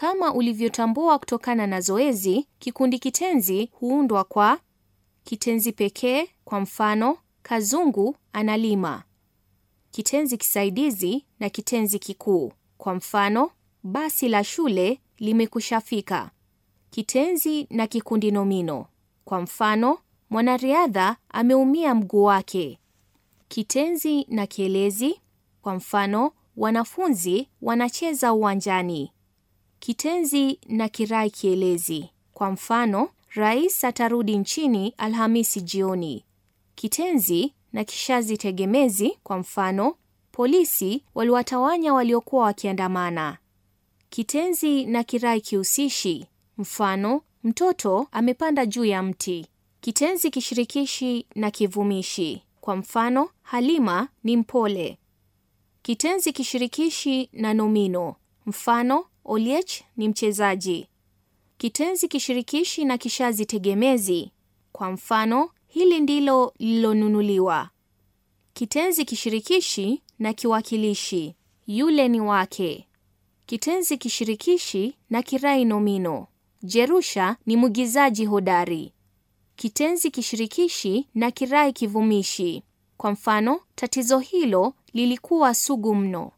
Kama ulivyotambua kutokana na zoezi, kikundi kitenzi huundwa kwa kitenzi pekee. Kwa mfano, Kazungu analima, kitenzi kisaidizi na kitenzi kikuu. Kwa mfano, basi la shule limekushafika, kitenzi na kikundi nomino. Kwa mfano, mwanariadha ameumia mguu wake, kitenzi na kielezi. Kwa mfano, wanafunzi wanacheza uwanjani. Kitenzi na kirai kielezi. Kwa mfano, rais atarudi nchini Alhamisi jioni. Kitenzi na kishazi tegemezi. Kwa mfano, polisi waliwatawanya waliokuwa wakiandamana. Kitenzi na kirai kihusishi. Mfano, mtoto amepanda juu ya mti. Kitenzi kishirikishi na kivumishi. Kwa mfano, Halima ni mpole. Kitenzi kishirikishi na nomino. Mfano, Oliech ni mchezaji. Kitenzi kishirikishi na kishazi tegemezi. Kwa mfano, hili ndilo lililonunuliwa. Kitenzi kishirikishi na kiwakilishi. Yule ni wake. Kitenzi kishirikishi na kirai nomino. Jerusha ni mwigizaji hodari. Kitenzi kishirikishi na kirai kivumishi. Kwa mfano, tatizo hilo lilikuwa sugu mno.